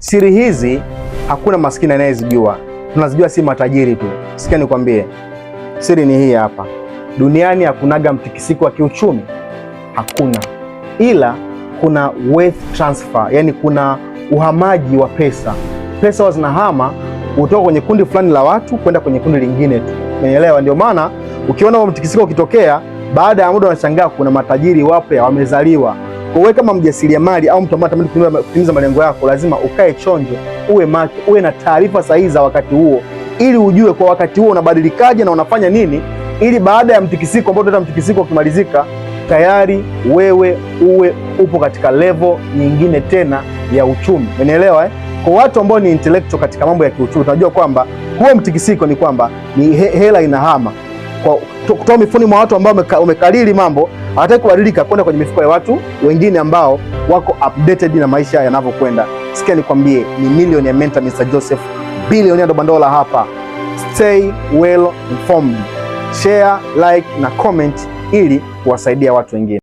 Siri hizi hakuna maskini anayezijua, tunazijua si matajiri tu. Sikia nikwambie, siri ni hii hapa. Duniani hakunaga mtikisiko wa kiuchumi, hakuna, ila kuna wealth transfer, yani kuna uhamaji wa pesa. Pesa huwa zinahama kutoka kwenye kundi fulani la watu kwenda kwenye kundi lingine tu, umeelewa? Ndio maana ukiona huo mtikisiko ukitokea, baada ya muda unashangaa kuna matajiri wapya wamezaliwa. Kwa hiyo kama mjasiriamali au mtu ambaye anatamani kutimiza malengo yako, lazima ukae chonjo, uwe macho, uwe na taarifa sahihi za wakati huo, ili ujue kwa wakati huo unabadilikaje na unafanya nini, ili baada ya mtikisiko ambao tunaita mtikisiko ukimalizika, tayari wewe uwe upo katika level nyingine tena ya uchumi. Umeelewa eh? Kwa watu ambao ni intellectual katika mambo ya kiuchumi, tunajua kwamba huo mtikisiko ni kwamba ni hela inahama kwa kutoa mifuni mwa watu ambao umekalili mambo hawataki kubadilika kwenda kwenye mifuko ya watu wengine ambao wako updated na maisha yanavyokwenda. Sikia nikwambie, ni milioni ya mentor Mr. Joseph, bilioni ya Dobandola hapa. Stay well informed, share, like na comment ili kuwasaidia watu wengine.